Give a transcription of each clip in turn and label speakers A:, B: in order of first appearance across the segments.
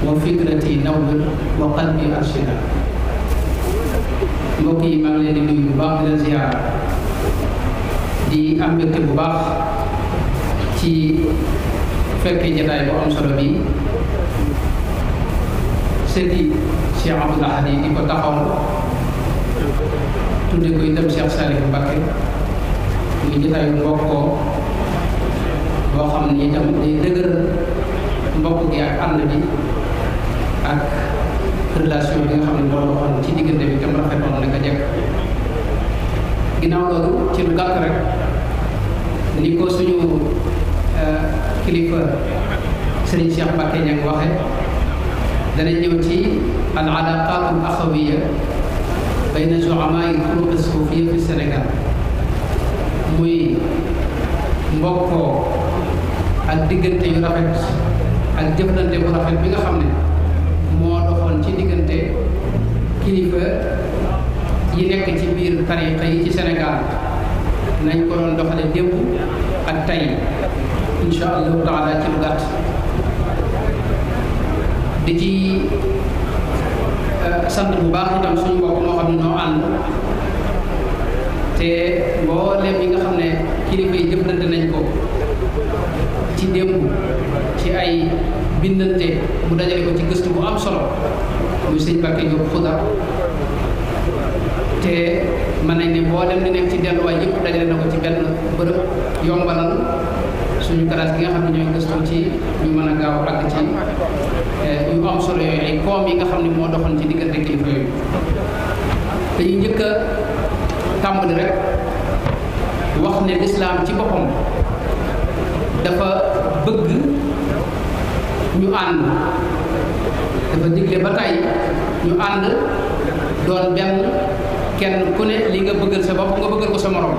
A: wa fikrati nawwir wa qalbi arshida mbokk yi maa ngi leen di nuyu bu baax di la ziyaara di am mbégte bu baax ci fekkee jataay bu am solo bi sëti Cheikh Abdoul Ahad di ko taxaw tudde ko itam Cheikh Saliou Mbacké muy jataayu mbokkoo boo xam ne itam day dëgër mbokk gi ak ànd bi ak relation bi nga xam ne moo doxoon ci diggante bi tam rafetoon naka jekk ginnaaw loolu ci lu gàtt rek ni ko suñu eh, kilifa sëriñ cheikh mbàkke ñang waxe danañ ñëw ci al alaqat al akhawiyya bayna zu'ama al furuq al sufiyya fi sénégal muy mbokkoo ak diggante yu rafet ak jëflante bu rafet bi nga xam moo doxoon ci diggante kilifa yi nekk ci biir tariqa yi ci Sénégal nañ ko doxale démb ak tey insha allahu taala ci lu gàtt di ci eh, sant bu baax itam suñu mbokk moo xam ne noo ànd te mboolem yi nga xam ne kilifa yi jëflante nañ ko ci démb ci ay bindante mu dajale ko ci gëstu bu am solo muy sëñ Mbacke Diop Khouda te mën nañ ne mboolem li nekk ci delluwaay yëpp dajale na ci benn bërëb yombalal suñu classe gi nga xam ne ñooy ci ñu mën gaaw àgg ci yu am solo yooyu ay yi nga ci rek wax ci dafa bëgg ñu ànd dafa digle ba tey ñu ànd doon benn kenn ku ne li nga bëggal sa bopp nga bëggal ko sa morom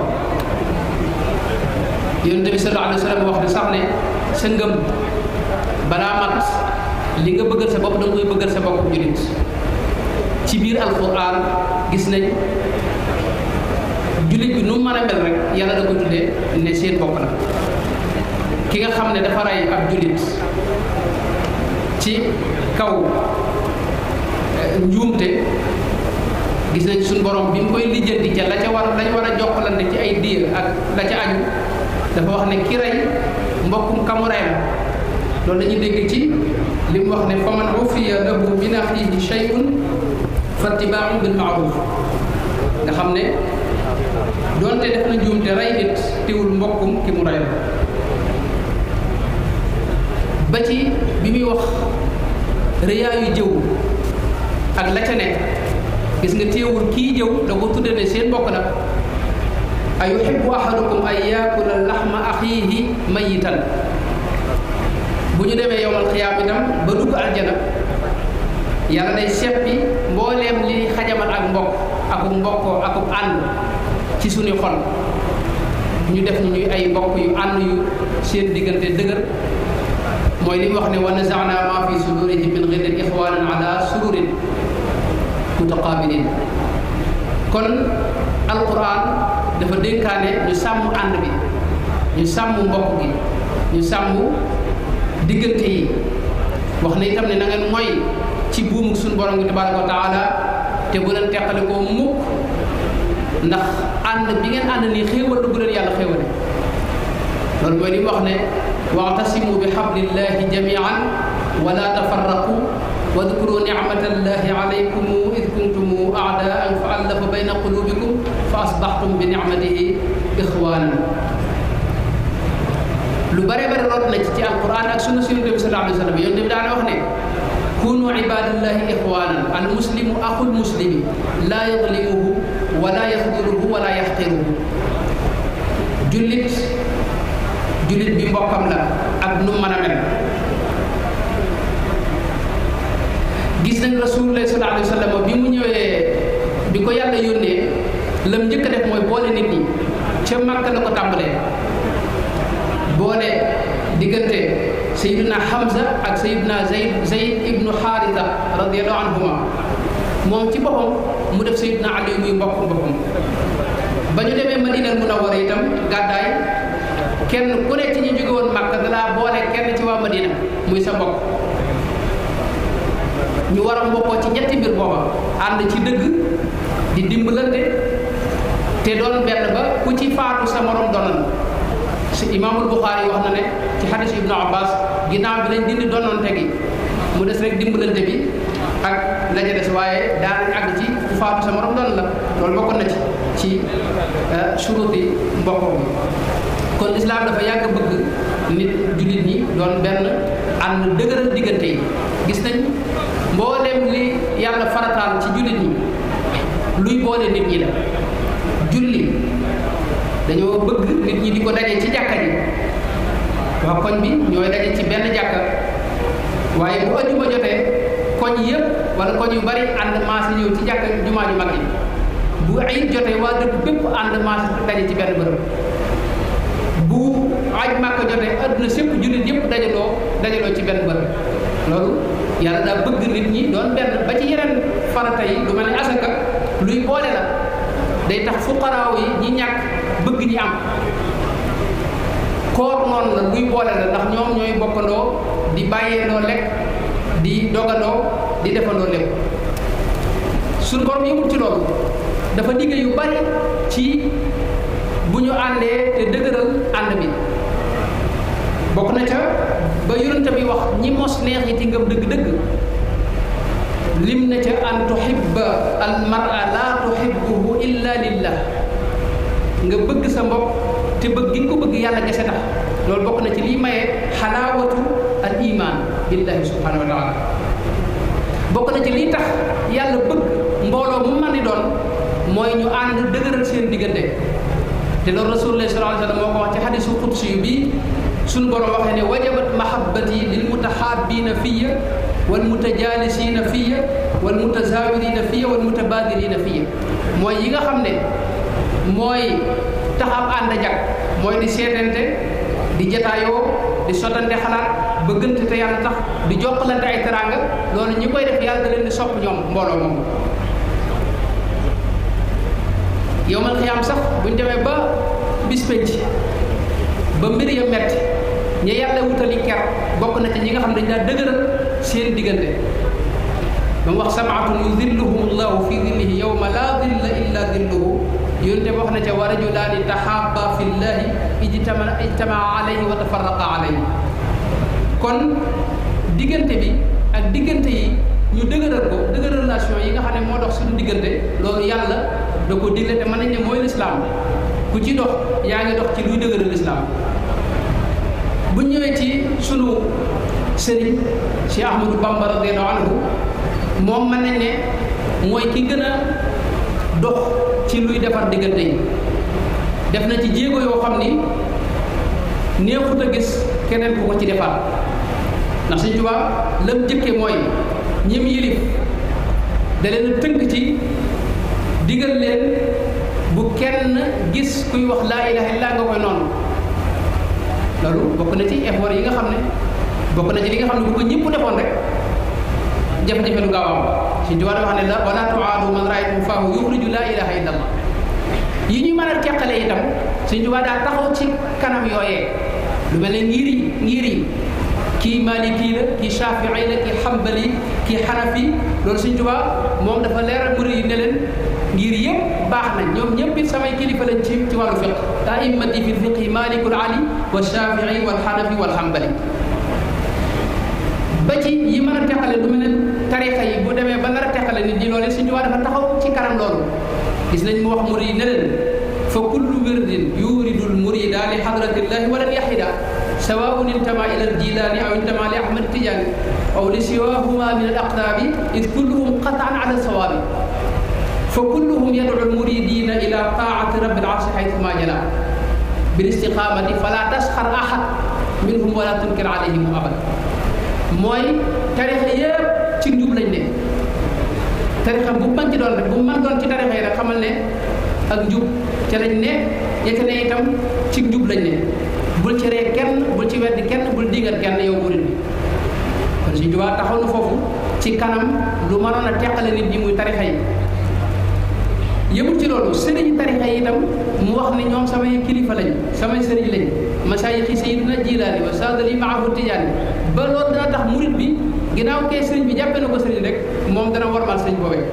A: yonente bi sallallahu alayhi wasallam wax ne sax ne sa ngëm balaa mat li nga bëggal sa bopp da nga koy bëggal sa bopp julit ci biir alquran gis nañ julit bi nu mën mel rek yàlla da ko tuddee ne seen bopp la ki nga xam dafa rey ab julit ci kaw eh, njuumte gis nañ suñ borom bi mu koy lijjanti ca la ca war lañ war a jokkalante ci ay diir ak la ca aju dafa wax ne ki rey mbokkum kamu la loolu la ñuy dégg ci li wax ne fa man ufiya lahu min axiihi shay'un fattibaa'un bil ma'ruuf nga xam ne doonte def na njuumte rey nit teewul mbokkum ki mu rey la ba ci bi muy wax rëyaayu jëw ak la ca nekk gis nga téewul kii jëw da ko tudde ne seen bokk nag ayuhibbu ahadukum an yakula lahma akhihi mayitan bu ñu demee yowmal xiyaam itam ba dugg aljana yàlla day seppi mbooleem li xajamal ak mbokk ak mbokkoo ak ànd ci suñu xol ñu def ñu ñuy ay mbokk yu ànd yu seen diggante dëgër mooy li mu wax ne wa nazana ma fi sudurihim min ghillin ikhwanan ala sururin mutaqabilin kon alquran dafa dénkaane ñu sàmm ànd bi ñu sàmm mbokk gi ñu sàmm diggante yi wax na itam ne na ngeen moy ci buumu suñu borom gi tabaraka taala te bu leen teqale ko ndax bi ngeen ni xéewal li wax ne واعتصموا بحبل الله جميعا ولا تفرقوا واذكروا نعمة الله عليكم إذ كنتم أعداء فألف بين قلوبكم فأصبحتم بنعمته إخوانا lu bare bare rot na ci ci alquran ak sunna sunu nabi sallallahu alayhi wasallam yoon nabi daan wax ne kunu ibadallahi ikhwanan al muslimu akhul muslimi la yadlimuhu wa la yakhdhuruhu wa la yahqiruhu julit jullit bi mbokkam la ak nu mën a mel gis nañ rasulullah sallallahu alayhi wa sallam bi mu ñëwee bi ko yàlla yónnee lam njëkk a def mooy boole nit ñi ca Màkka la ko tàmbalee boole diggante sayiduna Hamza ak sayiduna Zayd Zayd ibnu Xaarisa radiallahu anhuma moom ci boppam mu def sayiduna Ali muy mbokk boppam ba ñu demee Madina munawwara itam gàddaay kenn ku ne ci ñu jóge woon Màkka dalaa boole kenn ci waa Madina muy sa mbokk ñu war mbokkoo ci ñetti mbir booba ànd ci dëgg di te doon benn ba ku ci faatu sa morom doon si imaamul Buxaari wax na ci xadis Ibnu Abbas ginnaaw bi mu des rek bi ak la ca waaye daanañ àgg ci ku sa morom doon la loolu bokkoon na ci ci euh, suruti mbokkoo bi kon lislaam dafa yàgg bëgg nit jullit ñi doon benn ànd dëgëral diggante yi gis nañ mboolem li yàlla farataal ci jullit ñi luy boole nit ñi la julli dañoo bëgg nit ñi di ko daje ci jàkka ji waa koñ bi ñooy daje ci benn jàkka waaye bu àjjuma jotee koñ yëpp wala koñ yu bari ànd maas ñëw ci jàkka jumaa ju mag yi bu ayit jotee waa dëkk bépp ànd maas daje ci benn bërëb aj màkk jotee àdduna sépp jullit yépp dajaloo dajaloo ci benn bërëb loolu yàlla daa bëgg nit ñi doon benn ba ci yeneen farata yi du mel ni asaka luy boole la day tax fuqaraaw yi ñi ñàkk bëgg ñi am koor noonu la luy la ndax di bàyyeendoo lekk di dogandoo di defandoo lépp suñ borom yëmul ci loolu dafa digge yu bari ci bu ñu àndee te dëgëral bi bokk na ca ba yonent bi wax ñi mos neex yi ci ngëm dëgg-dëgg lim na ca an tuhibba al mar'a la tuhibbuhu illa lillah nga bëgg sa mbokk te bëgg gi ko bëgg yàlla kese tax loolu bokk na ci liy maye xalaawatu al iman billahi subhanahu wa taala bokk na ci liy tax yàlla bëgg mbooloo mu mën di doon mooy ñu ànd dëgëral seen diggante te loolu rasulullah sallallahu alayhi wa sallam wax ci xadisu qudsi bi suñu borom waxee ne wajabat mahabbati lil mutahabbina fiya wal mutajalisina fiya wal mutazawirina fiya wal mutabadirina fiya mooy yi nga xam ne mooy taxaw ànd jag mooy di seetante di jataayoo di sotante xalaat bëggante te yàlla tax di jokkalante ay teranga loolu ñi koy def yàlla da leen di sopp ñoom mbooloo moom yowmal xiyaam sax buñ demee ba bis penc ba mbir ya metti ñi yàlla wutali ker bokk na ci ñi nga xam ne dañ daa dëgëral seen diggante ba mu wax samaatun yudilluhum allahu fi dillihi yowma laa dilla illa dilluhu yonte wax na ca wa rajulaani taxaaba fi llahi ijtama ijtamaa alayhi wa tafaraqa alayhi kon diggante bi ak diggante yi ñu dëgëral ko dëgëral relation yi nga xam ne moo dox suñu diggante loolu yàlla da ko digle te mën nañ ne mooy lislaam ku ci dox yaa ngi dox ci luy dëgëral lislaam bu ñëwee ci sunu sëriñ Cheikh Ahmadou Bamba radiyallahu anhu moom mën nañ ne mooy ki gën a dox ci luy defar diggante yi def na ci jéego yoo xam ni neexut a gis keneen ku ko ci defar ndax Sëriñ Tuubaa lam jëkke mooy ñim yilif da leen tënk ci digal leen bu kenn gis kuy wax laa ilaha illa nga koy noonu loolu bokk na ci effort yi nga xam ne bokk na ci li nga xam ne bu ko ñëpp defoon rek jafe-jafe du gaaw am suñ tubaab wax ne la wala tuaadu man raaytum faahu yuxriju laa ilaha illa allah yi ñuy man a teqale itam suñ tubaab daal taxaw ci kanam yooyee lu mel ne ngiir yi yi كي مالكي لا كي شافعي لا كي حنبلي كي حنفي لول سيني جوبا موم دا فا ليرال بوري نيلن غير ييب يوم يوم نيب بي ساماي كليفا لا تيم تي والو فقه دائما دي في الفقه مالك العلي والشافعي والحنفي والحنبلي باجي يي مانا تخالي دو مينن تاريخا يي بو ديمي با نارا تخالي ني دي لول سيني جوبا دا فا تاخاو سي كارام لول gis nañ mu wax mourid nelen fa kullu wirdin yuridul mourida li hadrati llahi walan yahida سواء انتمى إلى الديلان أو انتمى لأحمد تجاني أو لسواهما من الأقدام إذ كلهم قطعا على الصواب فكلهم يدعو المريدين إلى طاعة رب العرش حيثما جلا بالاستقامة فلا تسخر أحد منهم ولا تنكر عليهم أبدا موي تاريخ ييب تي njub لا نيك تاريخ بو man دون رك بو مان دون تي تاريخ tarixa yi rek xamal ne ak njub ca lañ yëg ne itam ci njub lañ ne bul ci ree kenn bul ci weddi kenn bul digal kenn yow murit bi kon Sëñ taxaw na foofu ci kanam lu mënoon a teqale nit ñi muy tarixa yi yëmul ci loolu sëriñ tarixa yi itam mu wax ni ñoom samay kilifa lañ samay sëriñ lañ masaayixi Sayyidina Jilaani wa Saadali maahu Tijaani ba loolu dana tax murit bi ginnaaw kee sëriñ bi jàppee na ko sëriñ rek moom dana warmal sëriñ boobee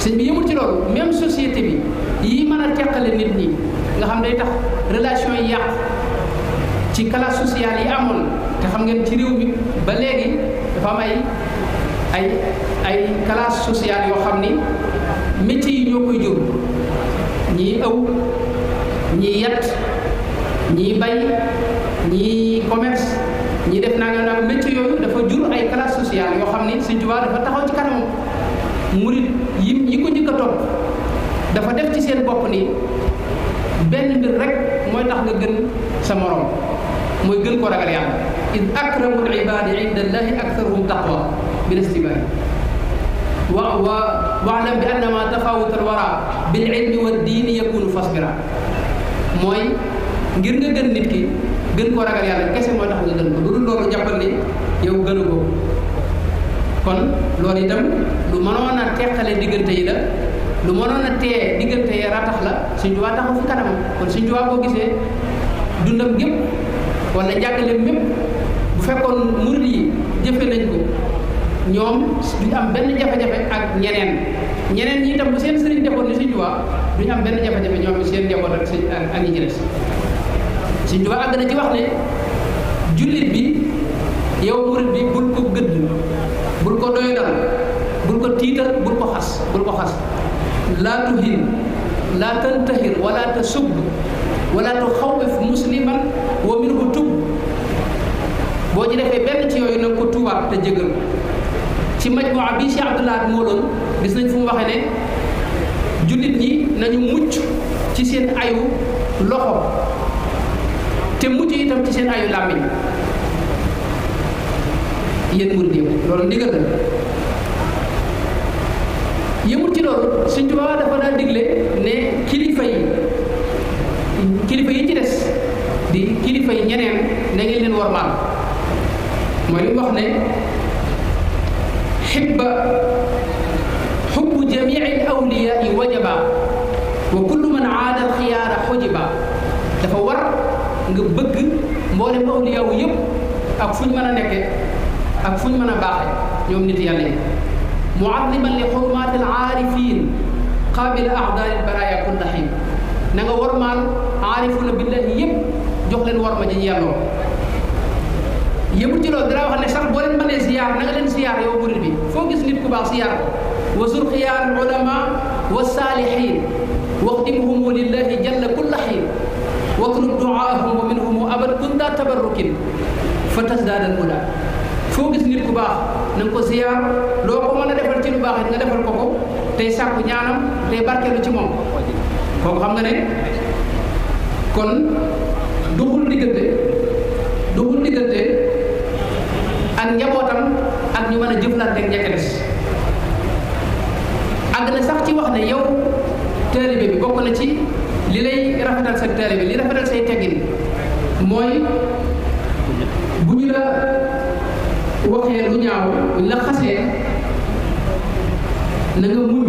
A: sëriñ bi yëmul ci loolu même société bi yii mën a teqale nit ñi nga xam day tax relation yi yàq ci classe sociale yi amoon te xam ngeen ci réew mi ba léegi dafa am ay ay ay classe sociale yoo xam ni métier yi ñoo koy jur ñii ëw ñii yet ñii bay ñii commerce ñii def naa nga naan métier yooyu dafa jur ay classe sociale yoo xam ni si Tuubaa dafa taxaw ci kanam mu yi yi ko njëkk a dafa def ci seen bopp ni benn mbir rek mooy tax nga gën sa morom mooy gën ko ragal yàlla id akramu libaadi inda allahi aktharuhum taqwa bil wa wa واعلم بان ما تفاوت الورى بالعلم والدين يكون فاصبرا موي ngir nga gën nit ki gën ko ragal yàlla kese moo tax nga gën ko bu dul loolu jàppal ni yow gënu ko kon loolu itam lu mënoon a teqale diggante yi la lu mënoon a téye diggante yara tax la suñ jubaa taxu fi kanam kon suñ jubaa boo gisee dundam gépp wala njàngale mépp bu fekkoon murid yi jëfe nañ ko ñoom duñ am benn jafe-jafe ak ñeneen ñeneen ñi itam bu seen sëriñ defoon ni suñ jubaa duñ am benn jafe-jafe ñoom seen njaboot ak seen ak ñi ci des suñ na ci wax ne jullit bi yow murid bi bul ko gëdd bul ko doy bul ko tiital bul ko xas bul ko xas لا تهن لا تنتهر ولا تسب ولا تخوف مسلما ومنه تب بوجي دافي بن تي يوي نكو توبا تا جيغل تي مجموع بي شيخ عبد الله مولون بيس نني فمو واخني جوليت ني نانيو موچ تي سين ايو لوخو تي موچ ايتام تي سين ايو لامي يين مورديو لولو نيغال yëmul ci loolu Sëñ Tuubaa dafa daa digle ne kilifa yi kilifa yi ci des di kilifa yi ñeneen na leen war warmaal mooy li wax ne xibba xubbu jamii al awliyaa wajaba wa kullu man aada alxiyaara xujiba dafa war nga bëgg mboolem ak fu ñu mën a nekke ak fu ñu mën a baaxe ñoom nit yàlla yi معظما لحرمات العارفين قابل اعداء البرايا كل حين نغا ورمال عارفون بالله يب جوخ لين ورما جي يالو يمو تيلو دراو خني صاح بولين ماني زيار نغا لين زيار يو بوري بي فو غيس نيت كوبا زيار وزور خيار العلماء والصالحين واختمهم لله جل كل حين واطلب دعاءهم ومنهم ابد كنت تبركين فتزداد الملا foo gis nit ku baax na nga ko ziyaar loo ko mën a defal ci lu baax it nga defal ko ko tey sàkku ñaanam tey barkeelu ci moom kooku xam nga ne kon duxul diggante duxul diggante ak njabootam ak ñu mën a jëflante ak ñekk des na sax ci wax ne yow taalibe bi bokk na ci li lay rafetal sa taalibe li rafetal say teggin mooy bu ñu la waxee lu ñaaw la xasee na nga muñ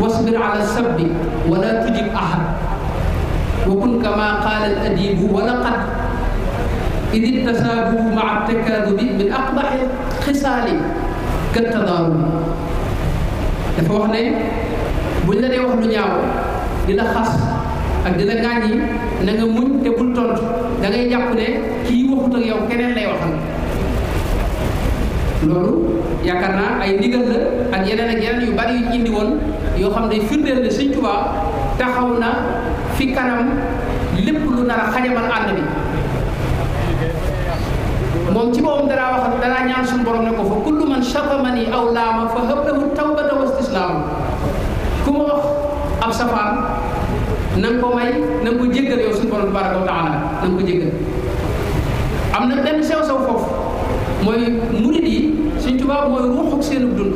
A: wasbir ala sabbi wala tujib ahad wa kun kama qala al adibu wa laqad إذ التسابه مع التكاذب من أقبح الخصال كالتضارب dafa wax ne buñ la dee wax lu ñaaw di la xas ak di la gaañi na nga muñ te bul tontu da ngay jàpp ne kii waxut ak yow keneen lay waxal loolu yaakaar naa ay ndigal la ak yeneen ak yeneen yu bari yu ñu indi woon yoo xam ne firndeel ne Sëñ Tuubaa taxaw na fi kanam lépp lu nar a xajamal ànd bi moom ci moom danaa wax danaa ñaan suñu borom ne ko fa kullu man satamani aw laama fa hab lahu tawbata wa istislaam ku ma wax ab safaan na ko may na nga ko jéggal yow suñu borom tabaraka wa taala na nga ko jéggal am na benn sew sew foofu mooy murid Tuubaa mooy ruuxuk seenu dund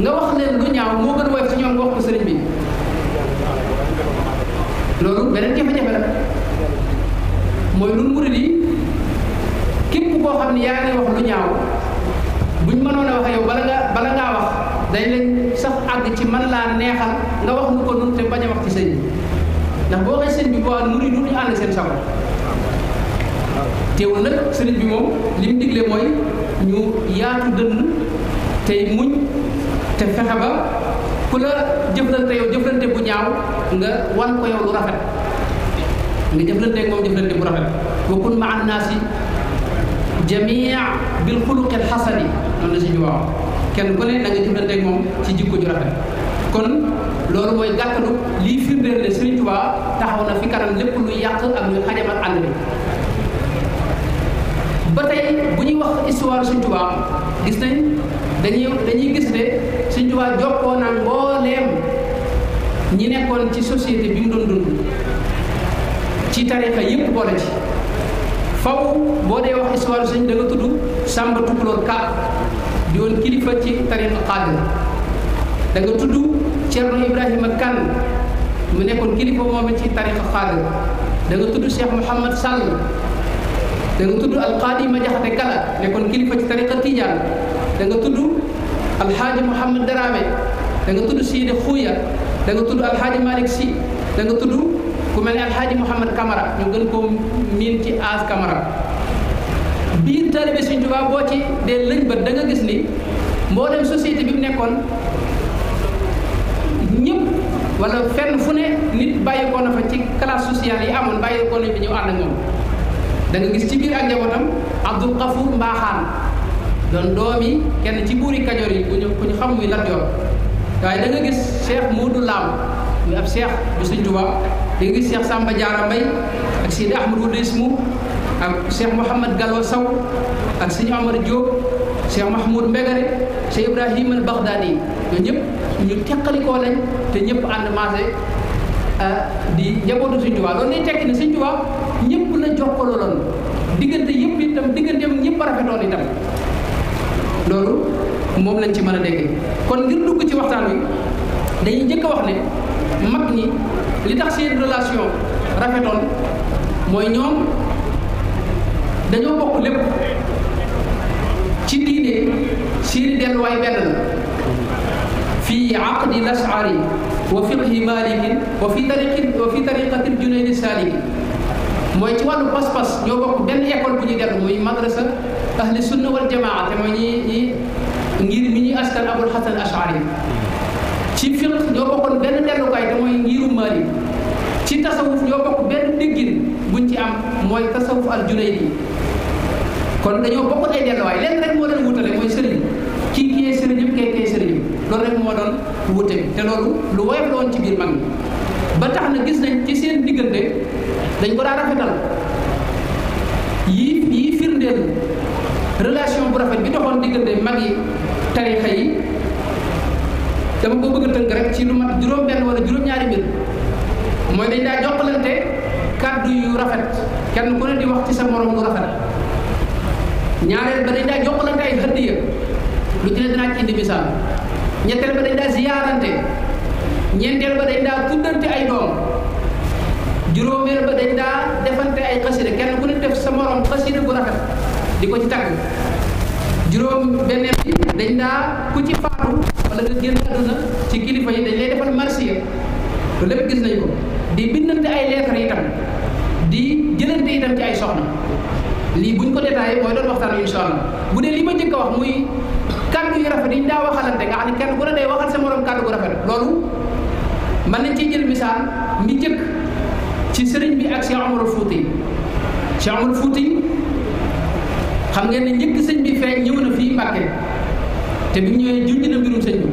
A: nga wax leen lu ñaaw moo gën woyof ci ñoom wax ko sëriñ bi loolu beneen jafe-jafe mooy lu murid yi képp koo xam ne yaa ngi wax lu ñaaw buñ mënoon a waxee yow bala nga bala ngaa wax day leen sax àgg ci man laa neexal nga wax nu ko nun te bañ a wax ci sëñ bi ndax boo xee sëñ bi boo murid du ñu ànd seen sago teewul nag sëriñ bi moom li mu mooy ñu yaatu dënn tey muñ te fexe ba ku la jëflante yow jëflante bu ñaaw nga wan ko yow lu rafet nga jëflante moom jëflante bu rafet wa kun ma an naasi jamia bil xuluqi al xasani noonu la si ñu waaw kenn ku ne da nga jëflante moom ci jikko ju rafet kon loolu mooy gàttalu lii firndeel ne Sëriñ Tuubaa taxaw na fi kanam lépp luy yàq ak luy xajamal ànd bi ba tey bu ñuy wax histoire suñ tubaab gis nañ dañuy dañuy gis ne suñ tubaab jokkoo naan mbooleem ñi nekkoon ci société bi mu doon dund ci tarixa yépp boole ci faw boo dee wax histoire suñ da nga tudd samba tukulóor ka di woon kilifa ci tarixa xaadir da nga tudd cerno ibrahima kan mu nekkoon kilifa moom ci tarixa xaadir da nga tudd cheikh mouhamad sall dengan tuduh Al-Qadi Majah Tekala lekon kilifat tariqat Tijan dengan tuduh Al-Haji Muhammad Darame dengan tuduh Syed Khuya dengan tuduh Al-Haji Malik Si dengan tuduh ku Al-Haji Muhammad Kamara dengan gën Minti min as Kamara bi talibe Serigne Touba bo ci de lañ ba da nga gis ni mbolem société bi mu nekkon ñepp wala fenn fu nit bayiko na fa ci classe sociale yi ya amone da nga gis ci biir ak njabootam abdul Qafur mbaaxaan doon doomi kenn ci buuri kajoor yi kuñu kuñu xam muy lat yoon waaye da nga gis cheikh muudu laam muy ab cheikh bu sëñ tuba da nga gis cheikh samba jaara mbay ak sidi ahmad wudismu ak cheikh mohammed gallo saw ak sëñ omar diop cheikh mahmoud mbegare cheikh ibrahim al baghdadi ñoo ñëpp ñu tekkalikoo lañ te ñëpp ànd maase euh, di njabootu sëñ tuba loolu lay tekki ne sëñ tuba ñëpp a jokkaloon diggante yëpp itam digganteem ñëpp rafetoon itam loolu moom lañ ci mën a kon ngir dugg ci waxtaan wi dañuy njëkk a wax ne mag ñi li tax seen relation rafetoon mooy ñoom dañoo bokk lépp ci diine seen delluwaay benn la fi aqdi lasari wa fiqhi maliki wa fi tariqi wa fi tariqati aljunayd saliki mooy ci wàllu pas-pas ñoo bokk benn école bu ñuy dellu muy madrasa ahli sunna wal jamaa te mooy ñi ñi ngir mi ñuy askan abul xasan ashari ci fiq ñoo bokkoon benn dellukaay te mooy ngiru mali ci tasawuf ñoo bokk benn déggin buñ ci am mooy tasawuf al junaydi kon dañoo bokkoon ay delluwaay lenn rek moo leen wutale mooy sëriñ kii kiyee sëriñam kee kee sëriñam loolu rek moo doon wute te loolu lu woyof la ci biir mag mi ba tax na gis nañ ci seen diggante dañ ko daa rafetal yii yii firndeel relation bu rafet bi doxoon diggante mag yi tarixa yi dama ko bëgg a tënk rek ci lu mat juróom-benn wala juróom-ñaari mbir mooy dañ daa jokkalante kàddu yu rafet kenn ku ne di wax ci sa morom lu rafet ñaareel ba dañ daa jokkalante ay hëddiya lu ci ne dinaa ci misaal ñetteel ba dañ daa ziyaarante ñeenteel ba dañ daa tuddante ay doom juróomeel ba dañ daa defante ay xasida kenn ku ne def sa morom xasida bu rafet di ko ci tàgg juróom benneel bi dañ daa ku ci faatu wala nga génn aduna ci kilifa yi dañ lay defal ya. lépp gis nañ ko di bindante ay lettre itam di jëlante itam ci ay soxna lii buñ ko détaillé mooy doon waxtaan insha allah bu dee li ma njëkk a wax muy kàddu yu rafet yi ñu daa waxalante nga xam ne kenn ku ne day waxal sa morom kàddu gu rafet loolu man nañ ci jël misaal mi jëkk ci sëriñ bi ak cheikh omar fouti cheikh omar fouti xam ngeen ne njëkk sëñ bi feeñ ñëw na fii mbàkke te bi ñëwee junj na mbirum sëñ bi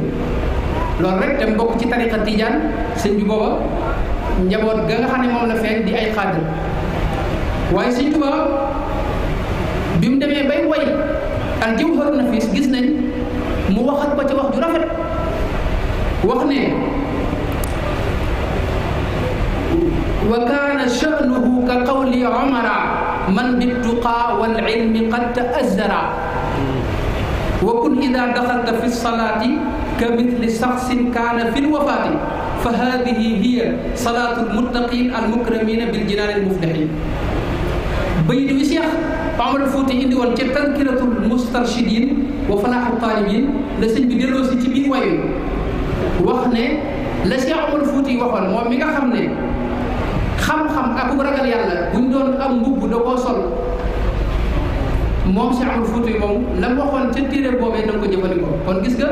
A: loolu rek dem bokk ci tariqa tijaan sëñ bi booba njaboot ga nga xam ne moom la feeñ di ay xaadir waaye sëñ tuba bi mu demee bay way al jawharu nafis gis nañ mu waxat ko ci wax ju rafet wax ne وكان شأنه كقول عمر من بالتقى والعلم قد تأزر وكن إذا دخلت في الصلاة كمثل شخص كان في الوفاة فهذه هي صلاة المتقين المكرمين بالجنان المفلحين بيد الشيخ عمر الفوتي عندي وان تذكرة المسترشدين وفلاح الطالبين لسن بدلو سيتي بين وين وخني لسي عمر الفوتي وخن مو ميغا ku ragal yàlla buñ doon am mbubb da koo sol moom Cheikhul Fouti moom lam waxoon ca téere boobee na ko jëfandikoo kon gis nga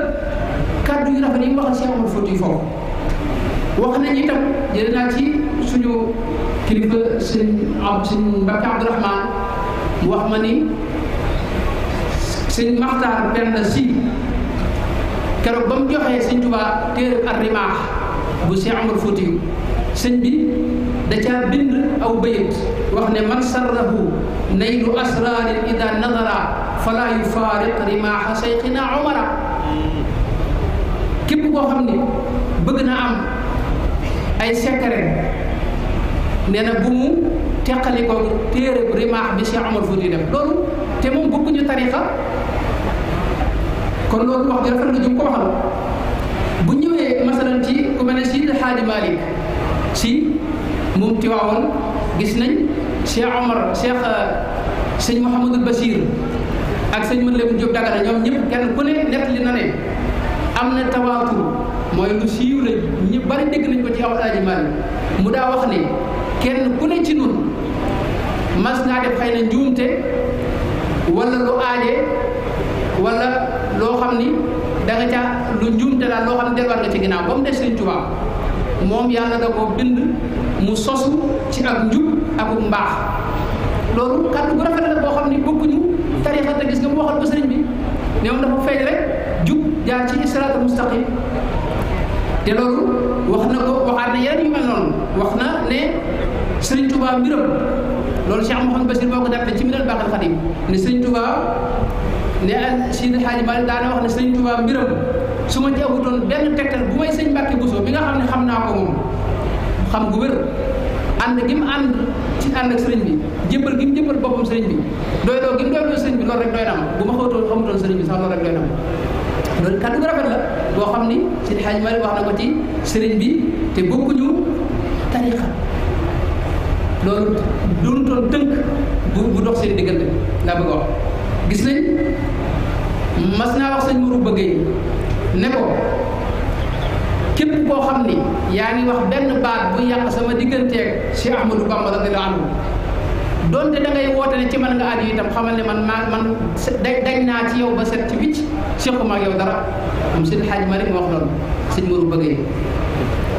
A: kàddu yu rafet yi mu waxal Cheikhul Fouti foofu wax nañ itam jëlee naa ci suñu kilifa sëñ am sëñ Mbacke Abdourahmane mu wax ma ni sëñ Maxtaar benn si keroog ba mu joxee sëñ Tuubaa téere bu Cheikh Amar Fouti sëñ bi da caa bind aw bayit wax ne man sarrahu naylu asrarin ida nadara fala yufaariq rimaha sayxina omara képp koo xam ne bëgg na am ay secret nee na bu mu teqalikoo téere rimaax bi Cheikh Omar Fouti def loolu te moom bokkuñu tariqa kon loolu wax bi rafet na ñu ko bu ñëwee masalan ci ku mel ne Seydi Haaji si moom Tiwaawoon gis nañ Cheikh Omar Cheikh euh, sëñ Mouhamadou Bachir ak sëñ Madeleine Diop Dagana ñoom ñëpp kenn ku ne nettali na ne am na tawaatur mooy lu siiw la ñu bari dégg nañ ko ci aw Alaaji Maalik mu daa wax ne kenn ku ne ci nun mas naa def xëy na njuumte wala lu aaje wala loo xam ni da nga ca lu njuumte daal loo xam ne delluwaat nga ci ginnaaw ba mu des Sëñ Tuubaa moom yàlla da koo bind mu sosu ci ak njub ak mbaax loolu kàddu gu rafet la boo xam ni bokkuñu tarixa te gis nga mu waxal ko sëriñ bi ne moom dafa feeñ rek jub jaar ci siraatal mustaqim te loolu wax na ko waxaat na yeneen yu mel noonu wax na ne sëriñ Touba mbiram loolu Cheikh Mouhamed Bachir boo ko dàppee ci minal baaxal xadim ne sëriñ Touba ne Sidi Hadji Malick daana wax ne sëriñ Touba mbiram su ma ci amutoon benn tegtal bu may sëñ Mbàkke Bousso mi nga xam ne xam naa ko moom xam gu wér ànd gi mu ànd ci ànd ak sëriñ bi jébbal gi mu jébbal boppam sëriñ bi doyloo gi mu doyloo sëriñ bi loolu rek doy na am bu ma xawtoon xamutoon sëriñ na la boo xam ni si xaj mari wax na ko ci sëriñ bi te bokkuñu tariqa loolu doontoon tënk bu bu dox seen diggante laa bëgg wax gis nañ mas naa wax sëñ Mourou bëggee ne ko képp koo xam ni yaa ni wax benn baat bu yàq sama digganteeg Cheikh Ahmadou Bamba radiyallahu anhu donte da ngay woote ne ci man nga aju itam xamal ne man maa man dañ naa ci yow ba set ci wicc sequma ak yow dara am sëñ Xaaj Malik mu wax loolu sëñ Mourou Bëggee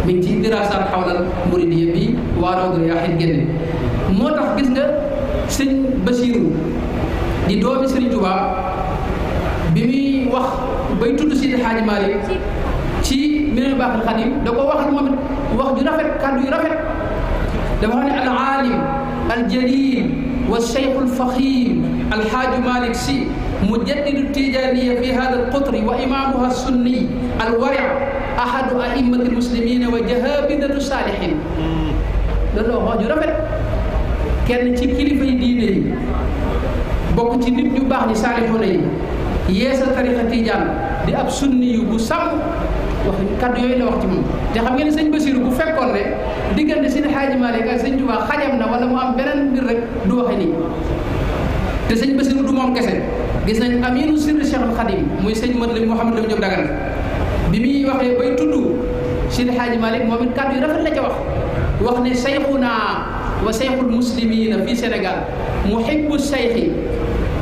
A: mi ngi ci diraasaat xawlal muridiyya bi waa Rawdu Riyaahin génne moo tax gis nga sëñ Basiiru di doomi Sëriñ Tuubaa bi muy wax bay tudd Sidi Xaaji Maalik ci mbirum baaxul xadim da ko waxal moom it wax ju rafet kàddu yu rafet dafa xam ne al aalim al jalil wa cheikh al faxim al xaaji Maalik si مجدد التجارية في هذا القطر وإمامها السني الورع أحد أئمة المسلمين وجهابدة صالحين لولو هو جو رافت كان تي كليفه ديني بوك تي نيت ني باخ ني صالحون Yes, iya, tariqa tijaan di ab sunni yu bu sàmm wax kaddu yooyu ya, la wax ci moom te xam ngeen ne sëñ Basiru bu fekkoon ne diggante sëñ Xaaji Maalik ak sëñ Tuubaa xajam na wala mu am beneen mbir rek du waxe nii te sëñ Basiru du moom kese gis nañ aminu sirri Cheikh al muy sëñ Mat Lim Lam Diop Dagana bi muy waxee bay tudd sëñ Xaaji Maalik kaddu rafet la wax wax ne wa fi muhibbu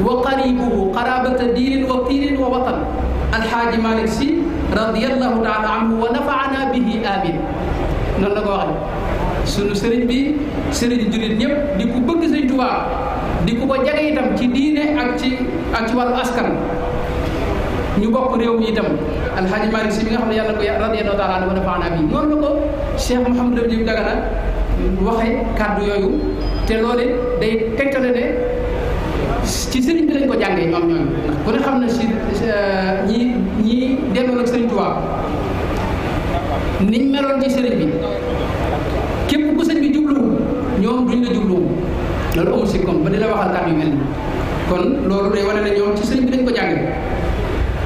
A: wa qaribuhu qarabata diinin wa tiinin wa watan alxaaji Malick si radiallahu taala anhu wa nafaana bihi amin noonu la ko sunu sëriñ bi sëriñ jullit ñëpp di ku bëgg sëñ Tuubaa di ku ko jege ci diine ak ci ak ci wàllu askan ñu bokk réew mi itam alxaaji Malick si mi nga xam ne yàlla ko radiallahu taala anhu wa nafaana bihi noonu la ko Cheikh Mouhamadou Lamine Dagana waxee kàddu yooyu te loole day tegtale ne ci sëriñ bi lañ ko jàngee ñoom ñooñu ndax ku xam na si euh, ñi ñi delloo ak sëriñ Tuubaa niñ meloon ci sëriñ bi képp ku sëñ bi jubluwul ñoom duñ la jubluwul loolu amul si di la waxal kàddu yu mel kon loolu day wane ne ñoom ci sëriñ bi lañ ko jàngee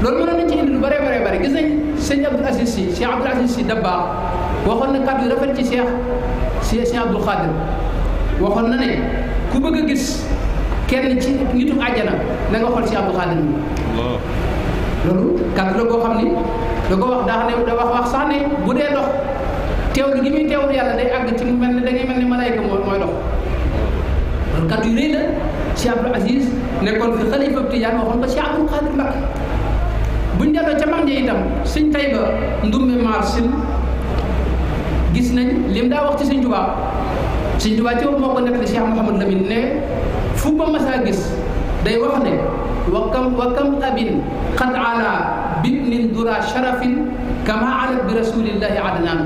A: loolu mënoon nañ ci indi lu bare bare bare gis nañ sëñ Abdul Aziz Si Cheikh Abdul Aziz Si Dabakh waxoon na kàddu yu rafet ci Cheikh Cheikh Abdul Xaadir waxoon na ne ku bëgg a gis kenn ci nitum àjjana na nga xool si abdou xaadir mi loolu kàddu la ni da ko wax daa ne da wax wax sax ne bu dee dox teewlu gi muy teewlu yàlla day siapa ci mu da ngay dox yu la abdou aziz nekkoon fi xalifa mohon waxoon ko si abdou xaadir mbàkke buñ delloo ca mag itam suñ tey ba ndumme marsin gis nañ lim daa wax ci suñ tubaab suñ tubaab ci moo ko cheikh lamine ne fu ko masaa gis day wax ne wa kam wa kam abin qad ala bibnin dura sharafin kama alat bi rasulillahi adnan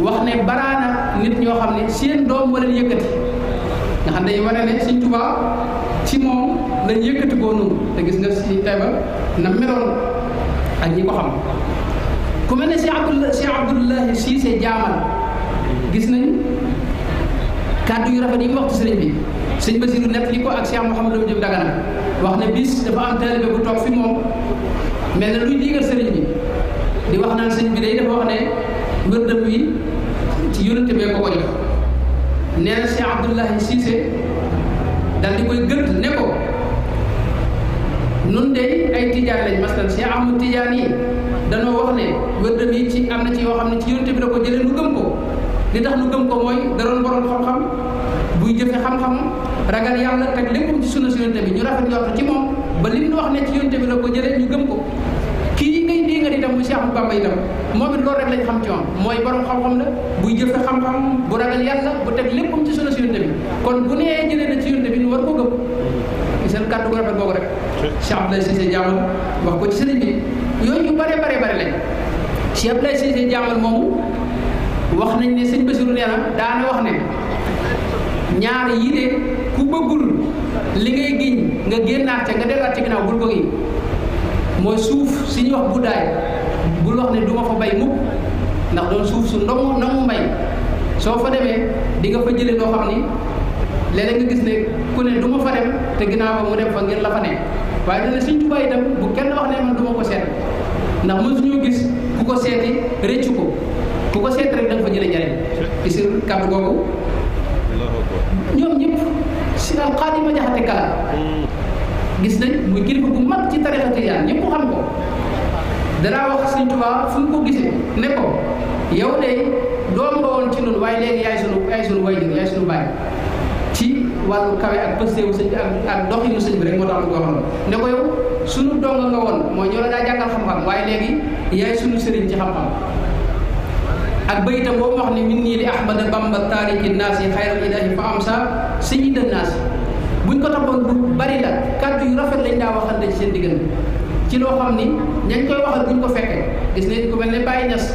A: wax ne baraana nit ñoo xam ne seen doom wala yëkkati nga xam day wane ne Sëñ Tuubaa ci moom lañ na meloon ak ñi ko xam ku mel ne Cheikh Abdoul Cheikh Abdoulahi jaamal gis nañ kàddu yu rafet yi mu wax sëriñ bi sëñ Basiru nekk li ko ak Cheikh Mouhamadou Diop Dagana wax ne bis dafa am taalibe bu toog fi moom mel na luy digal sëriñ bi di wax naan sëñ bi day dafa wax ne mbir dëpp yi ci yónnante bee ko ko jox nee na Cheikh Abdoulahi Cissé koy gënt ne ko nun de ay tijaan lañ maslan Cheikh Ahmad Tijaan yi danoo wax ne mbir dëpp yi ci am na ci yoo xam ne ci yónnante bi da ko jëlee lu gëm ko li tax nu gëm ko mooy daroon borom xam-xam buy jëfe xam-xam ragal yàlla teg léppam ci sunna si yonte bi ñu rafet njort ci moom ba li ñu wax ne ci yonte bi la ko jëlee ñu ko kii ngay dégg nga itam bu Cheikh Ahmadou Bamba itam moom it loolu rek lañ xam ci moom mooy borom xam-xam la buy jëfe xam-xam bu ragal yàlla bu teg léppam ci sunna si yonte kon bu nee jëlee na ci yonte bi ñu war ko gëm seen kàddu gu rafet boobu rek Cheikh si Cissé Diamal wax ko ci sëriñ bi yooyu yu bare bare bare lañ Cheikh Abdoulaye Cissé Diamal moomu wax nañ ne sëñ Basiru nee na daana wax ne ñaar yii de ku bëggul li ngay giñ nga génnaat ca nga delluwaat ci ginnaaw bul ko yi mooy suuf si ñu wax buddaay bul wax ne du ma fa bay mukk ndax doon suuf su ndongu ndongu mbay soo fa demee di nga fa jële loo xam ni léeg-léeg nga gis ne ku ne du ma fa dem te ginnaaw ba mu dem fa ngeen la fa ne waaye dana suñ tubaay itam bu kenn wax ne man du ko seet ndax mën suñoo gis ku ko seeti réccu ko ku ko seet rek da nga fa jëlee njariñ ci seen kàddu googu ñoom ñëpp si al xaadima jaxate kala gis nañ muy kilifa bu mag ci tarixa tijaan ñëpp xam ko danaa wax Sëñ Tuubaa fu mu ko gisee ne ko yow de doom nga woon ci noonu waaye léegi yaay sunu yaay sunu waajur yaay sunu bàyyi ci wàllu kawe ak pëstewu sëñ bi ak ak doxinu sëñ bi rek moo tax lu ko waxoon ne ko yow sunu dong nga woon mooy ñoo la daa jàngal xam-xam waaye léegi yaay sunu sëriñ ci xam-xam ak bayitam boobu wax ne min nii li ahmada bamba taariki naasi xayral ilahi fa am sa sayida naasi buñ ko taxoon bu bari la kàddu yu rafet lañ daa waxante ci seen diggante ci loo xam ni ñañ koy waxal buñ ko fekkee gis nañ ko mel ne Baye Niass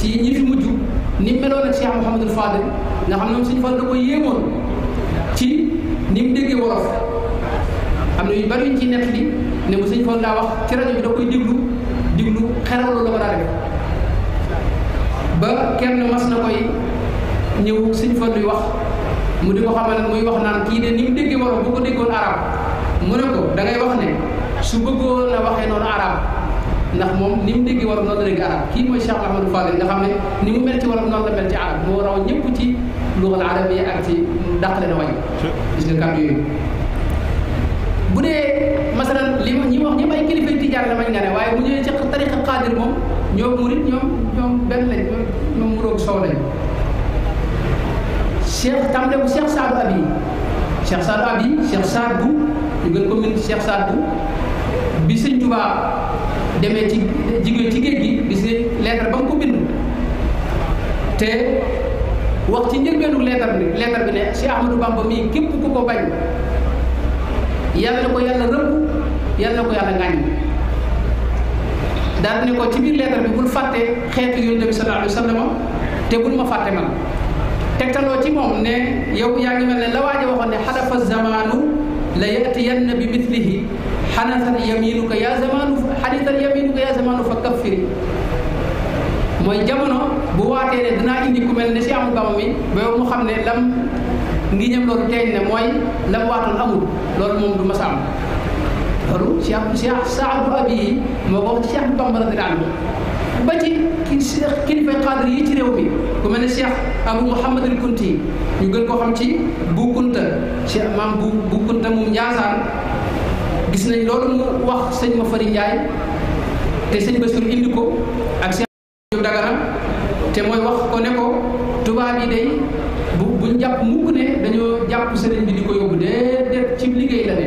A: ci ñi fi mujj ni mu meloon ak Cheikh Mouhamadul Fadel nga xam ne siñ suñu fan da ko yéemoon ci ni mu déggee wolof am na yu bari yuñ ci nett li ne mu suñu fan daa wax ci rajo bi da koy diglu diglu xeralu la ko daa def ba kenn mas na koy ñëw suñ fanduy wax mu di ko xamal muy wax naan kii de ni mu déggee wolof bu ko déggoon arab mu ne ko da ngay wax ne su bëggoon a waxee noonu arab ndax moom ni mu déggee wolof noonu la dégg arab kii mooy Cheikh Ahmadou Fall nga xam ne ni mu mel ci wolof noonu ci arab moo raw ñëpp ci luxal arab yi ak ci dàqale na wañ gis nga kàddu yooyu bu dee masalan li ñi wax ñëpp ay kilifa tijaan la mañ nga ne waaye mu ñëwee ci tariqa xaadir moom ñoom murit ñoom ñoom benn lañ nguroog sore, lañ cheikh tam dem cheikh saadu abi cheikh saadu abi cheikh saadu ñu gën ko min cheikh saadu bi seigne touba demé ci jigé ci geej gi bi se lettre bang ko bind té wax ci ñëbënu lettre bi lettre bi né cheikh ahmadou bamba mi képp ku ko bañ yalla ko yalla rëbb yalla ko yalla ngañ dal ni ko ci bir lettre bi bul faté xéetu yunus nabi sallallahu alayhi wasallam te buñ ma fàtte man tegtaloo ci moom ne yow yaa ngi mel ne la waaja waxoon ne xadafa zamaanu la yatiyanna bi mithlihi xanasat yaminuka yaa zamaanu xanisat yaminuka yaa zamaanu fa kaffiri mooy jamono bu waatee ne dinaa indi ku mel ne si amu gama mi ba yow mu xam ne lam ngi ñëm loolu teeñ ne mooy lam waatoon amul loolu moom du ma am loolu Cheikh Cheikh Saadu Abi moo ko wax ci Cheikh Bamba radiyallaahu anhu ba ci kilifa xaadir yi ci réew bi ku mel ne Cheikh Abou Mouhamad al Kunti ñu gën ko xam ci bu Kunta Cheikh maam bu bu Kunta moom Njaasaan gis nañ loolu mu wax sëñ ma fari Njaay te sëñ Basiru indi ko ak Cheikh Jóob Dagana te mooy wax ko ne ko tubaab yi day bu buñ jàpp mukk ne dañoo jàpp sëriñ bi di ko yóbbu déedéet ci liggéey la ne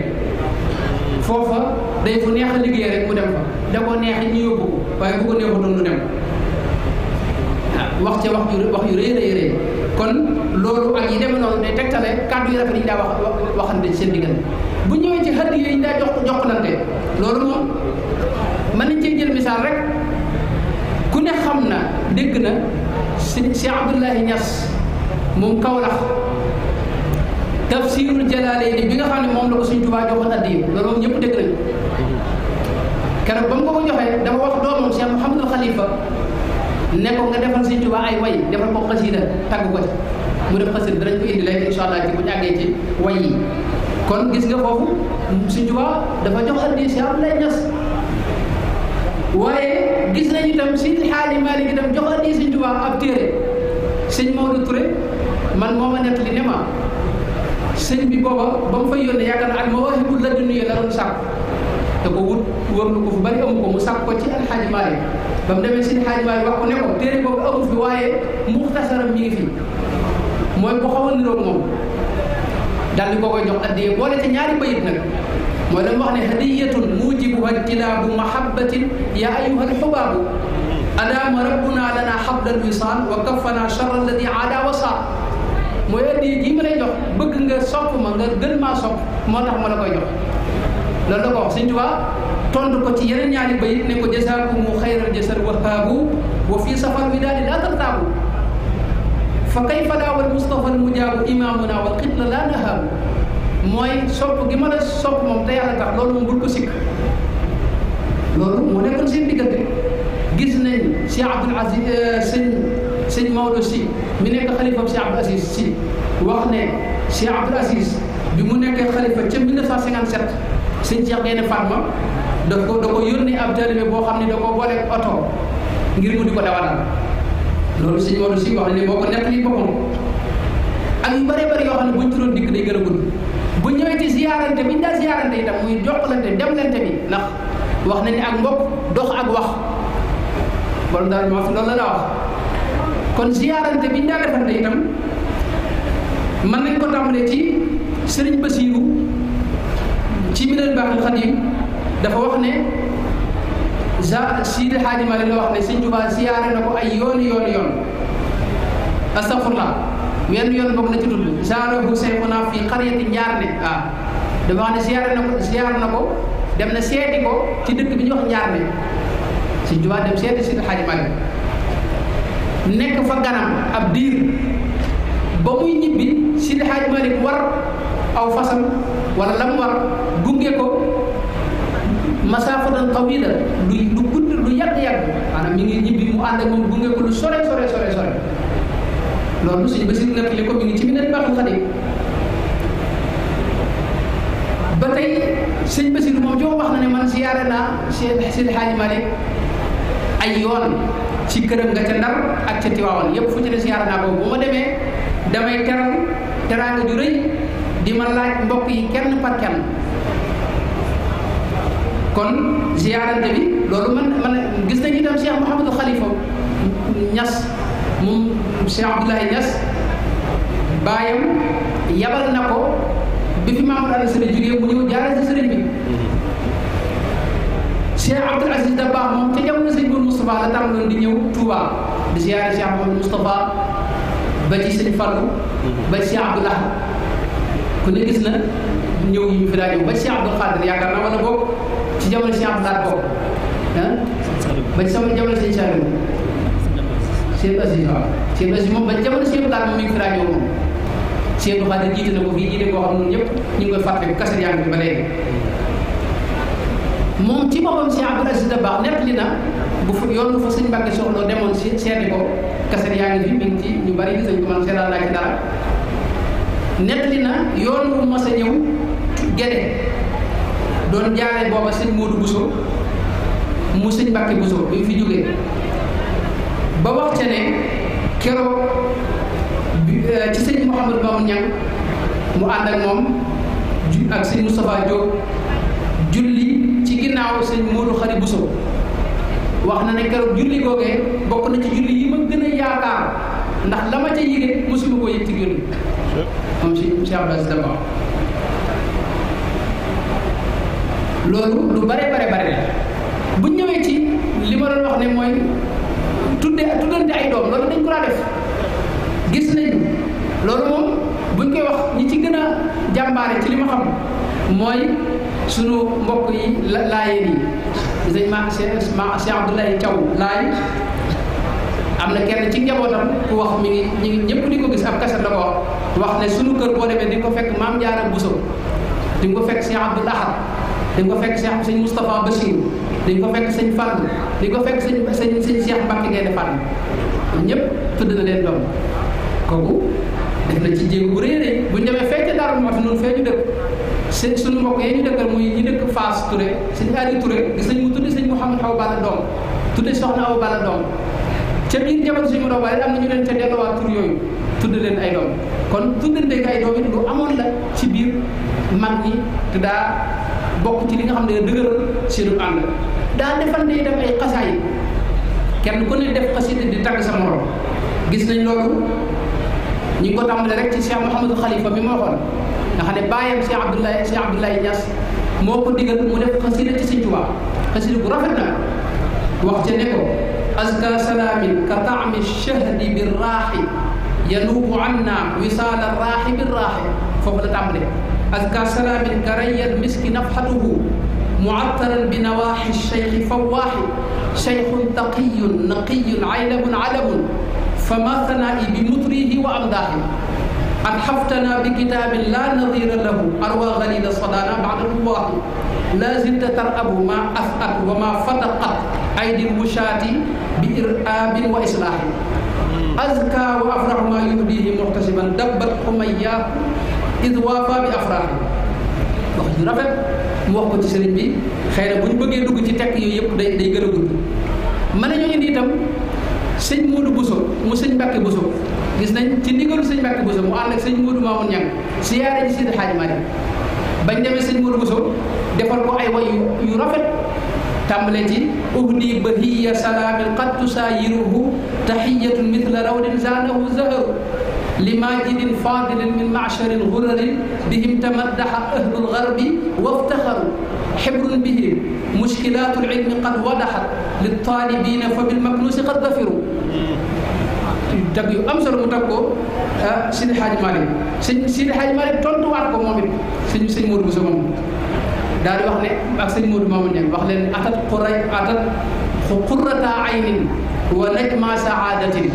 A: foofa day fu neex a liggéey rek mu dem fa da ko neex ñu yóbbu waaye bu ko neexul wax ca wax yu wax yu rëy rëy rëy kon loolu ak yi demee noonu day tegtale kàddu yu rafet yi daa wax waxante ci seen diggante bu ñëwee ci xarit yi daa jox joxlante loolu moom man nañ cee jël misaal rek ku ne xam na dégg na si Cheikh Abdoulahi ñas moom Kaolack tafsirul Jalaalayni bi nga xam ne moom la ko suñ Tuubaa joxoon addi loolu moom ñëpp dégg nañu keroog ba mu ko ko joxee dafa wax doomam Cheikh Mouhamadul Khalifa ne nga defal Sëñ Tuubaa ay way defal ko xasida tagg ko ci mu def xasida danañ ko indi léegi ci bu ñu àggee ci way yi kon gis nga foofu Sëñ Tuubaa dafa jox addi si am lay ñas waaye gis nañu itam si xaali Maalik itam jox addi Sëñ Tuubaa ab téere sëñ Maodo Touré man moo ma nekk li ne ma sëñ bi booba ba mu fay yónnee yaakaar naa ak ma la dund la doon sàkk te ko wut wër na ko fu bari amu ko mu sàkk ko ci alxaaji maari ba mu demee seen xaaji maari wax ko ne ko téere boobu amu fi waaye muxtasaram mi ngi fi mooy ko xaw a niroog moom dal di ko koy jox addiye boole ca ñaari bayit nag mooy la mu wax ne hadiyatun mujibuha tilaabu mahabbatin ya ayuha alxubaabu أدام ربنا لنا حبل الوصال وكفنا شر الذي عدا وصال mooy addi ji ma lay jox bëgg nga sopp ma nga gën maa sopp moo tax ma la koy jox loolu la ko wax sëñ tubaa tontu ko ci yeneen ñaari bayit ne ko jasaakum mu xayral jasar wahaabu wa fi safar wi daali laa tartaabu fa kayfa laa wal mustafa al mujaabu imaamuna wal xitla laa nahaabu mooy sopp gi ma la sopp moom te yàlla tax loolu moom ko sikk loolu moo nekkoon seen diggante gis nañ si abdul aziz sëñ sëñ maodo si mi nekk xalifam si abdul aziz si wax ne si abdul aziz bi mu nekkee xalifa ca 1957 sëñ Cheikh Gaynde Fatma da ko da ko yónnee ab taalibe boo xam ne da ko boole oto ngir mu di ko dawalal loolu sëñ Modou si wax ne boo ko nekk li boppam ak yu bare bare yoo xam ne buñ turoon dikk day gën a gudd bu ñëwee ci ziyaarante bi ñu daa ziyaarante itam muy jokkalante demlante bi ndax wax nañ ne ak mbokk dox ak wax borom daal moo fi loolu la daa wax kon ziyaarante bi ñu daa defante itam mën nañ ko tàmbalee ci sëriñ Basiiru ci minal baaxil xadim dafa wax ne ja Sidi Xaaji la wax ne sëñ Tuubaa siyaare na ko ay yooni yooni yoon astafurlah wenn yoon bokk na ci tudd jaarahu seyxuna fii xariyati Njaarne ah dafa wax ne siyaare na ko siyaare na ko dem na seeti ko ci dëkk bi ñuy wax Njaarne sëñ Tuubaa dem seeti Sidi Xaaji Maalik nekk fa ganam ab diir ba muy ñibbi Sidi Xaaji Maalik war aw fasam war lam war gunge ko masafatan tawila lu lu gudd lu yàgg yàgg maanaam mi ngi ñibbi mu ànd ak moom gunge ko lu sore sore sore sore loolu suñu basir nettali ko mi ngi ci mi nen baaxul xadim ba tey sëñ basir moom joo wax na ne man siyaare naa seen seen xaaji malik ay yoon ci këram nga ca ndar ak ca tiwaawan yépp fu ci ne siyaare naa ko bu ma demee damay teral teraanga ju rëy di ma laaj mbokk yi kenn par kenn kon ziyaarante bi loolu man man gis nañu itam Cheikh Mouhamadou Khalifa Niass moom Cheikh baayam yabal na ko bi fi Mamadou Anna Sëriñ jógee mu ñëw jaaree si sëriñ bi Cheikh Abdoul Aziz Dabakh moom ca jamono sëriñ Bour Moustapha la tàmbaloon di ñëw Touba di ziyaare Cheikh Mouhamadou Moustapha ba ci sëriñ Fallou ba ci Cheikh Abdoulaye ku ne gis na ñëw yi ñu fi ñëw ba Cheikh Abdou Khadir yaakaar naa wala boog ci jamono Cheikh Abdou Khadir boobu ah ba ci sama jamono Cheikh Saliou Cheikh Aziz moom ba jamono Cheikh Abdou Khadir moom mi ngi fi ko fii jiite koo xam noonu ñëpp ñu ngi koy fàtte bu kase yaa ngi ba léegi moom ci boppam Cheikh Abdou Aziz Dabakh nekk li na bu fa yoon fa sëñ Mbàkke soxloo demoon seeti ko kase yaa ngi fi mi ngi ñu bari gis nañ man seetaan naa ci dara nettali na yoon wu mas a ñëw gede doon jaare booba sëñ Moodu Buso mu sëñ Mbàkke Buso bi fi jógee ba wax ca ne keroog euh, ci sëñ Mouhamadou Mamoun Niang mu ànd ak moom ak sëñ Moustapha Diop julli ci ginnaaw sëñ Moodu Xari Buso wax na ne keroog julli googee bokk na ci julli yi ma gën a yaakaar ndax la ma ca yëgee mosuma koo yëg ci julli moom si Cheikh Abbas la ko loolu lu bare bare bare la bu ñëwee ci li ma doon wax ne mooy tudde tuddante ay doom loolu dañ ko laa def gis nañu loolu moom buñ koy wax ñi ci gën a jàmbaare ci li ma xam mooy sunu mbokk yi laayeen yi sëñ ma Cheikh Abdoulaye Thiaw laay am na kenn ci njabootam ku wax mi ngi ñi ngi ñëpp di ko gis ab kaset la ko wax ne sunu kër boo demee di nga ko fekk maam jaara buso di nga ko fekk cheikh abdul ahad di nga ko fekk cheikh sëñ moustapha bachir di nga ko fekk sëñ fàll di nga ko fekk sëñ sëñ sëñ cheikh mbàkke gaynde fàll ñëpp tudd na leen doom kooku def na ci jéego bu rëy rëy bu ñu demee fekk dara moo fi noonu fee ñu dëkk seen sunu mbokk yee ñu dëkkal muy ñi dëkk faas ture sëñ ali ture gis nañ mu tudde sëñ mouhamed xaw bala doom tudde soxna aw bala doom ca biir jabar suñu borom waaye am na ñu leen ca delloo tur yooyu tudd leen ay doom kon tuddante ay doom it lu amon la ci biir mag ñi te daa bokk ci li nga xam ne dëgëral seenu ànd daa defante itam ay xasaay kenn ku ne def xasida di tagg sa morom gis nañ loolu ñi ko tàmbale rek ci cheikh mouhamadou khalifa bi ma waxoon nga nah, xam ne cheikh abdoulaye cheikh abdoulaye niass moo digal mu def xasida ci sëñ tuba xasida bu rafet na wax ca ne ko أزكى سلام كطعم الشهد بالراح ينوب عنا وصال الراح بالراح فبلا عمله أزكى سلام كري المسك نفحته معطرا بنواحي الشيخ فواح شيخ تقي نقي عيلب علب فما ثنائي بمطريه أن حفتنا بكتاب لا نظير له أروى غليل صدانا بعد الله la zilta tarabu ma af'at wa ma fataqat aydil mushati bi ir'abin wa islah azka wa afrahu ma yuhdihi muhtasiban dabbat humayya id wafa bi afrahi wax ju rafet mu wax ko ci sëriñ bi xëy na bu ñu bëggee dugg ci tekk yooyu yëpp day day gën gudd mën nañu indi itam sëñ Modou Bousso mu sëñ Mbacke Bousso gis nañ ci ndigalu sëñ Mbacke Bousso mu ànd ak sëñ Modou Mamoun Niang siyaare ji Sidi Hadj Malick bañ demee sëñ Mourou Bousso defal ko ay way yu rafet tàmbale ci uhni bahiya salaamin qad tusaayiruhu tahiyatun mithla rawdin zaadahu zaharu لماجد فاضل من معشر الغرر بهم تمدح أهل الغرب وافتخروا حبر بهم مشكلات العلم قد وضحت للطالبين فبالمكنوس قد ظفروا tag yu am solo mu tag ko Sidi Hadj Malick sëñ Sidi Hadj Malick tontuwaat ko moom it sëñ sëñ Modou Moussa moom daal di wax ne ak sëñ Modou Mamadou Niang wax leen atat quray atat qurrata aynin wa najma saadatin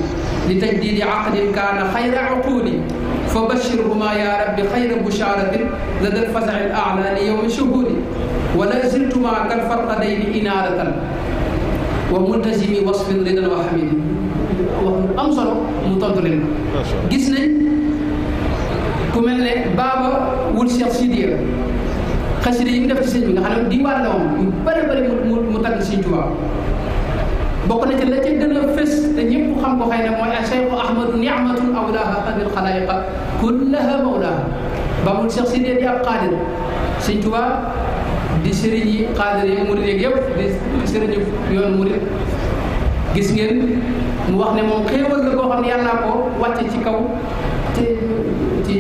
A: li tajdidi aqdin kaana xayra uquli فبشرهما يا رب خير بشارة لدى الفزع الأعلى ليوم الشهود ولا زلتما كالفرقدين إنارة وملتزم وصف رضا وحميد wax lu am solo mu tontu leen gis ku mel baaba wul Cheikh Sidiya xasida yi mu def ci nga xam ne diwaan la woon yu bëri mu mu tagg sëñ Tuubaa bokk na ci la ca gën a fës te ñëpp xam ko xëy na mooy Cheikhu Ahmadu ni'matun awlaaha qadil xalaayiqa kullaha mawlaaha baaba wul Cheikh di ab xaadir sëñ Tuubaa di sëriñ yi di sëriñ yoon murid gis mu wax ne moom xéewal la koo xam ne yàllaa ko wàcce ci kaw te ci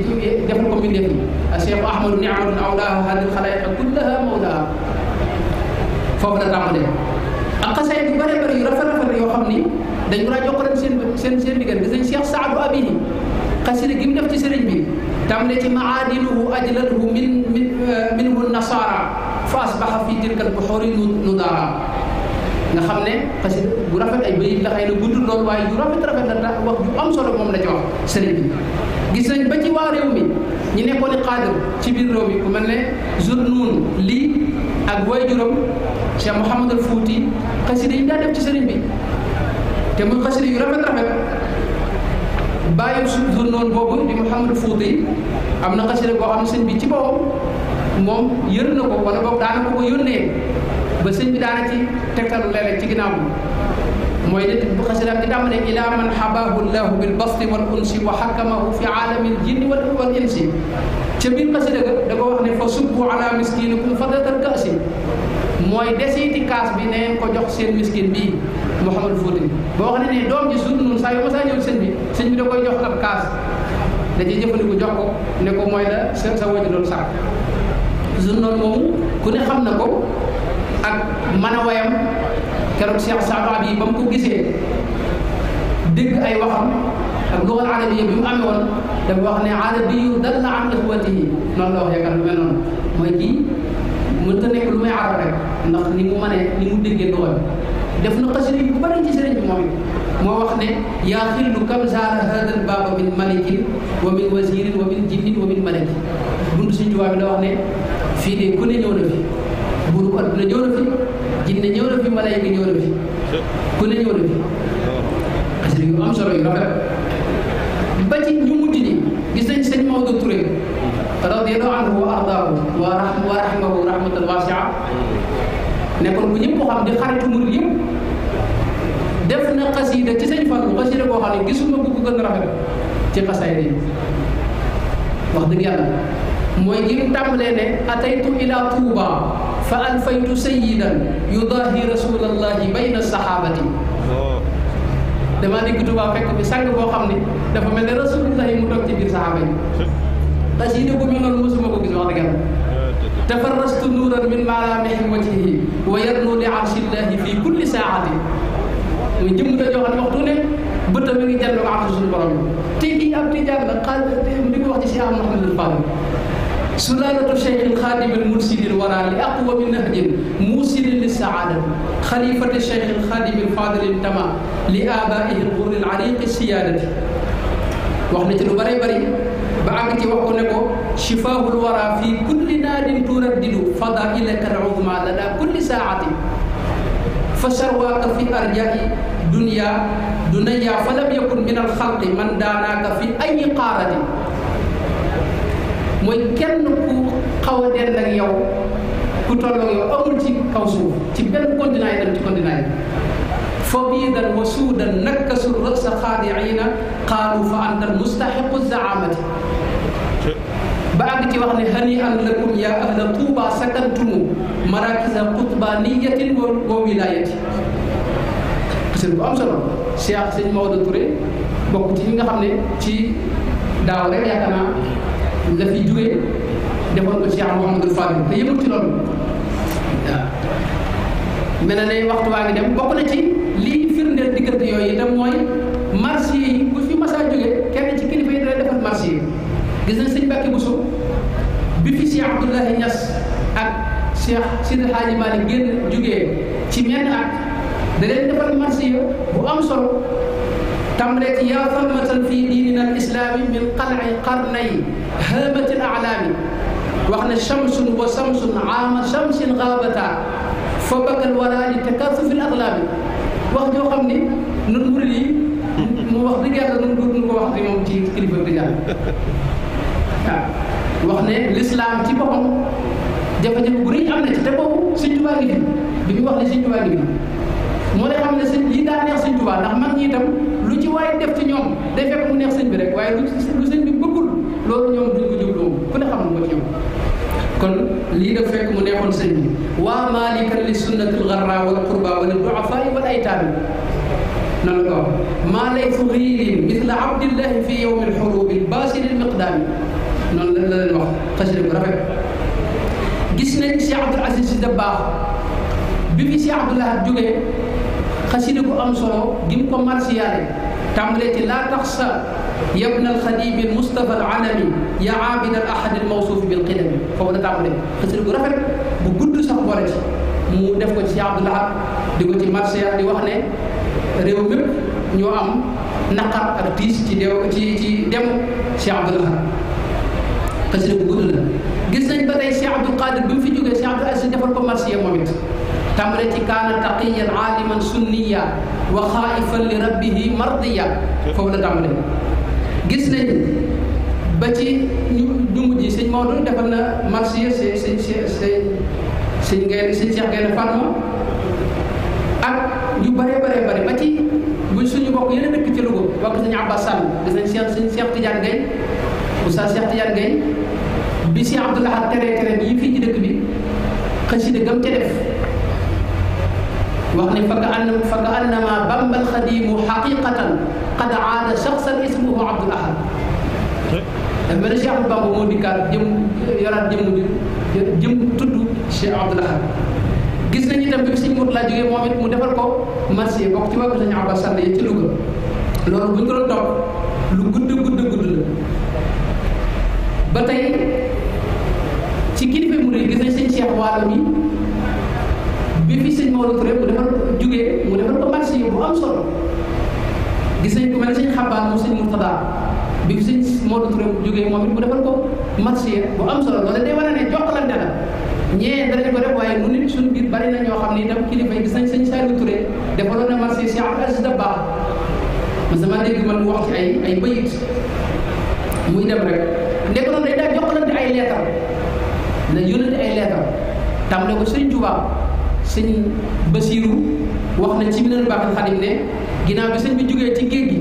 A: defal ko mbindeef yi cheikh ahmadu niamatun awlaahu hadil xalayiqa kullaha mawlaaha foofu la tàmbalee ak xasay bu bare bare yu rafet rafet yoo xam ni dañ ko daa jokk rek seen seen seen digal gis nañ cheikh saadu abihi xasida gi mu def ci sëriñ bi tàmbalee ci maadiluhu ajlaluhu min min minhu nasara fa asbaxa fi tilka albuxuri nudara nga xam ne xasida bu rafet ay bayit la xëy na guddul loolu waaye ju rafet rafet la wax ju am solo moom la ci wax sëriñ bi gis nañ ba ci waa réew mi ñu nekkoon i xaadir ci biir réew mi ku mel ne journun lii ak way juróom Cheikh Mouhamadul Fouti xasida yi daa def ci sëriñ bi te muy xasida yu rafet rafet bàyyi su journun boobu di Mouhamadul Fouti am na xasida boo xam ne sëñ bi ci boppam moom yër na ko wala boog daanaka ko yónnee ba sëñ bi daana ci tegtalu léeg-léeg ci ginnaaw mooy nit bu xasidaam di tàmbalee ila man xabahu llahu bil basti wal unsi wa xakamahu fi aalamil jinni wal wal insi ca biir xasida ga da ko wax ne fa subbu ala miskinikum fadatal bi na ngeen ko jox seen miskin bii Mouhamadou Fouti boo xam ne ne doom ji suur nun saa yu ma saa ñëw sëñ bi sëñ bi da koy jox ab kaas da ciy jëfandiku jox ko ne ko mooy la seen sa waju doon sàkk suur noonu moomu ku ne xam na ko mën a wayam keroog Cheikh Saadu Abi ba mu gisee dégg ay waxam ak luxal arabiya bi mu amee woon wax ne arabiyu dalla an ixwatihi noonu la wax yaakaar lu mel noonu may arab ni mu mënee ni mu déggee luxal def na xasida bu bari ci moom moo wax ne yaa xillu kam zaara hada al baaba min malikin wa min wasirin wa min jibin wa min malaki buntu Sëriñ Tuubaa wax ne fii de ku ne ñëw fi buuru adduna ñëw fi jinne ñëw na fi malayka ñëw na fi ku ne ñëw fi xasir oh. yu am solo yu rafet ba ci ñu mujj ni gis nañ sëñ Maodo Touré radiyallahu anhu wa ardaahu wa rahmu wa rahmahu rahmatan wasia hmm. nekkoon bu ñëpp xam di xaritu murid yëpp def na xasida ci sëñ Fallu xasida koo xam ne gisuma bu ko gën rafet ci xasaay yi wax dëgg yàlla mooy gi tàmbalee ne ataytu ila fa alfaytu sayyidan yudaahi rasulallahi bayna saxaabati damaa dikk Tuubaa fekk bi sang boo xam ne dafa mel ne rasulullahi mu toog ci biir saxaaba yi xasida bu mel noonu mosuma ko gis wax dëgg yàlla تفرست نورا من ملامح وجهه ويرنو لعرش الله في كل ساعة muy jëm da joxoon waxtu ne bët mi ngi jàll ak suñu borom te kii ab tijaan la xaal di ko wax ci Cheikh Mouhamadou Fall سلالة الشيخ الخادم المرسل الورى لأقوى من نهج موسل للسعادة خليفة الشيخ الخادم الفاضل التمام لآبائه الغر العريق السيادة وحنا تلو بري بري بعد تي شفاه الورى في كل نار تردد فضائلك العظمى لدى كل ساعة فشرواك في أرجاء دنيا دنيا فلم يكن من الخلق من داناك في أي قارة mooy kenn ku xaw a dend ak yow ku tolloo yow amul ci kaw suuf ci benn continent yi dem ci continent yi فبيدا وسودا نكسوا الرأس خادعين قالوا فأنت المستحق الزعامة بعد وحن هنيئا لكم يا أهل طوبى سكنتم مراكز قطبانية وولاية قصر بأم سلام شيخ سيد مودة توري بوكتين نحن تي داوري يا كنا la fi jugee defoon ko Cheikh Mouhamadou Fadil te yëmul ci loolu waaw mel na ne waxtu waa ngi dem bokk na ci lii firndeel diggante yooyu itam mooy marché yi bu fi mas a jógee kenn ci kilifa yi dana defal marché yi gis nañ sëñ Bakki Bousso bi fi Cheikh Abdoulahi Niass ak Cheikh Sidi Hadji Malick génn jugee ci menn ak da leen defal marché bu am solo تملك يا ثمة في ديننا الإسلامي من قلع قرني هامة الأعلام وحنا شمس وشمس عام شمس غابتا فبك الولاء لتكاثف الأغلام وقت يوقم ني لي وقت رجال ننقل لي وقت يوم تي كلفة رجال نعم. وحنا الإسلام تي بهم jafe-jafe bu rëy am na ci te boobu sëñ tubaa ngi fi bi ñu wax ne sëñ tubaa ngi fi waaye def ci ñoom day fekk mu neex sëñ bi rek waaye du sëñ bi bëggul loolu ñoom duñ ko jublu ku ne xam na ko ci kon lii daf fekk mu neexoon sëñ bi waa maalika li sunnatil garra wal qurba wala duafa wal aytaami nan nga wax maa lay fu riilin misla abdillahi fi yowmi alxurubi baasiril miqdaami noonu la la leen wax xasida bu rafet gis nañ Cheikh Abdoul Aziz Si bi fi Cheikh Abdoul Ahad jógee xasida bu am solo gi mu ko marsiyaale تمليتي لا تخشى يا ابن الخديب المصطفى العالمي يا عابد الأحد الموصوف بالقدم فهو ده تعمل خسر غرفة بجد سبورة mu def ko ci abdou lahab di ko ci marché di wax ne réew mépp ñoo am naqar ak tiis ci dew ci ci dem cheikh abdou lahab xasida bu gudd la gis nañ ba tey cheikh abdou qadir bi mu fi jógee cheikh abdou aziz defal ko marché moom it تمرتي كان تقيا عالما سنيا وخائفا لربه مرضيا فولا تمرتي gis nañ ba ci ñu dumb ji sëñ Maodo defal na marsiya sëñ sëñ sëñ sëñ ngeen sëñ Cheikh ngeen Fatma ak yu bare bare bare ba ci bu suñu bokk yene dëkk ci Louga wax sëñ Abbas Sall gis nañ Cheikh sëñ Cheikh Tidiane Gueye Moussa Cheikh Tidiane Gueye bi Cheikh Abdoulaye Tere Tere yi fii ci dëkk bi xësi dëggam ca def wax ne fakaanna fakaannama bamba alxadimu xaqiqatan qad aada shaxsan ismuhu abdul ahad dama ne cheikh bamba moo dikkaat jëm yoraat jëm abdul ahad gis nañ itam bi sëñ mut laa jógee moom mu defal ko marché bokk ci wàllu sëñ abbas loolu doon lu gudd gudd gudd la ba ci kilifa mu gis nañ cheikh Maodo Touré mu defal jugee mu defal ko marché bu am solo gis nañ ku mel ne sëñ xabaar mu sëñ Murtada bi fi sëñ Maodo Touré jugee moom it mu ko marché bu am solo loolu day war a ne jokkalante la ñee danañ ko def bari na ñoo xam ne itam kilifa yi gis nañ sëñ Saliou Touré defaloon na marché si Abdou Aziz Dabakh man sama dégg man mu wax ci ay ay bayit muy dem rek nekk noonu day daa jokkalante ay leetar na yónnante ay leetar tam ne ko sëñ Touba sëñ Basiiru wax na ci Minanul Baaxil Xadim ne ginnaaw bi sëñ bi jógee ci géej gi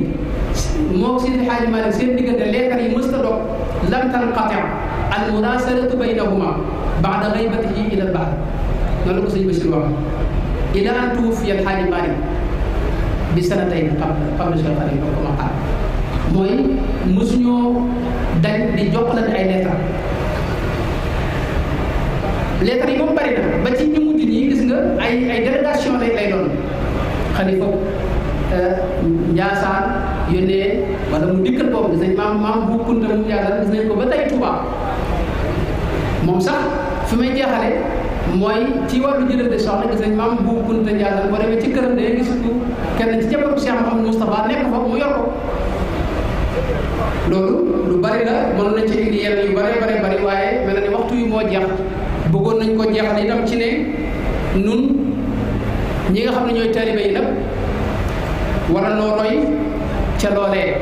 A: moo Seydi Xaaji Maalik seen diggante leekar yi mës ta dog lam tanqati al munaasalatu baynahuma baada gaybatihi ilal bahr noonu la ko sëñ Basiiru wax ila an tuwuffiya al Xaaji Maalik bi sanatay qabla Cheikh Xadim ko ma xaar mooy mësuñoo dañ di jokkalante ay leetar leetar yi moom bari na ba ci ay ay délégation lay lay doon xalifa euh, Njaasaan yónnee wala mu dikkal boobu gis nañ maam maam bu Kunta mu Njaasaan gis nañ ko ba tey Touba moom sax fi may jeexale mooy ci wàllu jëlante soxna gis nañ maam bu Kunta Njaasaan boo demee ci këram day gis ko kenn ci jabaru Cheikh Mouhamadou Moustapha nekk foofu mu yor loolu lu bari la mën na ci indi yenn yu bari bari waaye mel na ni waxtu yu moo jeex bëggoon nañ ko jeexal itam ci ne nun nga xam ne ñooy taalibe yi nag war a loo ca loolee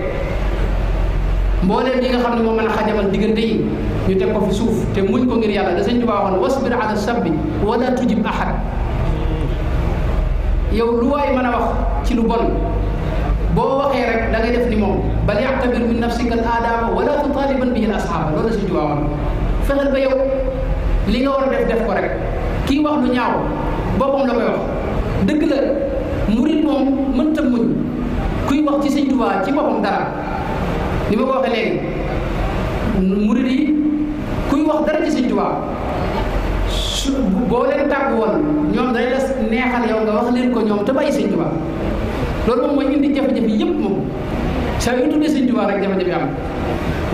A: mbooleem yi nga xam ne moo mën a xajamal diggante yi ñu teg ko fi suuf te muñ ko ngir yàlla da sëñ Tuubaa waxoon wasbir ala sabbi wala tujib ahad lu waay mën a wax ci lu bon boo waxee rek da ngay ni moom bal yactabir min nafsika al aadaaba wala tutaaliban bihi al asxaaba loolu la ba yow li nga war a def def ko rek kii wax lu ñaaw boppam la koy wax dëgg la murit moom mënta muñ kuy wax ci sëñ Tuubaa ci boppam dara ni ma ko waxee léegi murit yi kuy wax dara ci sëñ Tuubaa su boo leen tàggu woon ñoom dañ la neexal yow nga wax leen ko ñoom te bàyyi sëñ Tuubaa loolu moom mooy indi jafe-jafe yépp moom saa yu tuddee sëñ Tuubaa rek jafe-jafe am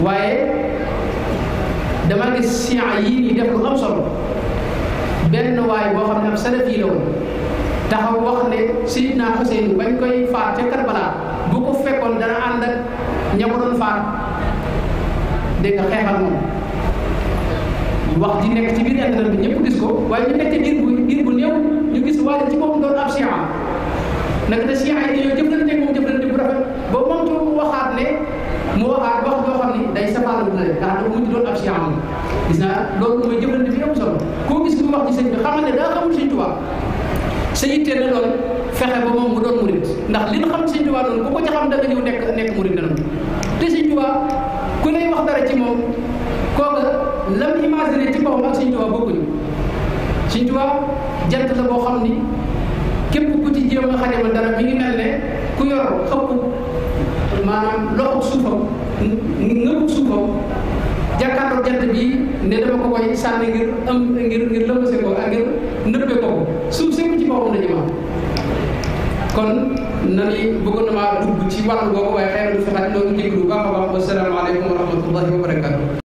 A: waaye dama gis siyaan yii ñu def lu am solo benn waay boo xam ne am salaf yi la woon taxaw wax ne sayidna xuseyn bañ koy faat ca karbala bu ko fekkoon dana ànd ak ña ko doon faat dégg nga xeexal moom wax ji nekk ci biir internet bi ñëpp gis ko waaye ñu nekk ci diir bu diir bu néew ñu gis waaye ci boppam doon ab chia naka da chia yi dañoo jëflante moom jëflante bu rafet ba moom tu waxaat ne mu waxaat wax joo xam ni day safaala bu lay ndax dafa mujj doon ab chia gis naa loolu mooy bi solo koo gis wax ci sëñ bi xamal ne daa xamul sëñ tubaab sa yitte na doon fexe ba moom mu doon murid ndax li xam sëñ Tuubaa doon ku ko ci xam da nga nekk nekk murid na te sëñ Tuubaa ku lay wax dara ci moom kooka lam imaginé ci boppam ak sëñ Tuubaa bokkuñu sëñ Tuubaa jant la boo xam ni képp ku ci jéem a xajama dara mi ngi mel ne ku yor xëpp maanaam loxo suufam ngëpp suufam jàkkaarloo jant bi ne dama ko koy sànni ngir am ngir ngir lëmbase ko ak ngir nëbbee boppam suuf sépp ci boppam la ñu am kon nañu bëggoon na maa dugg ci wàllu boobu waaye xëy na fi xaj loolu njëkk lu baax a baax wasalaamaaleykum wa wa barakatu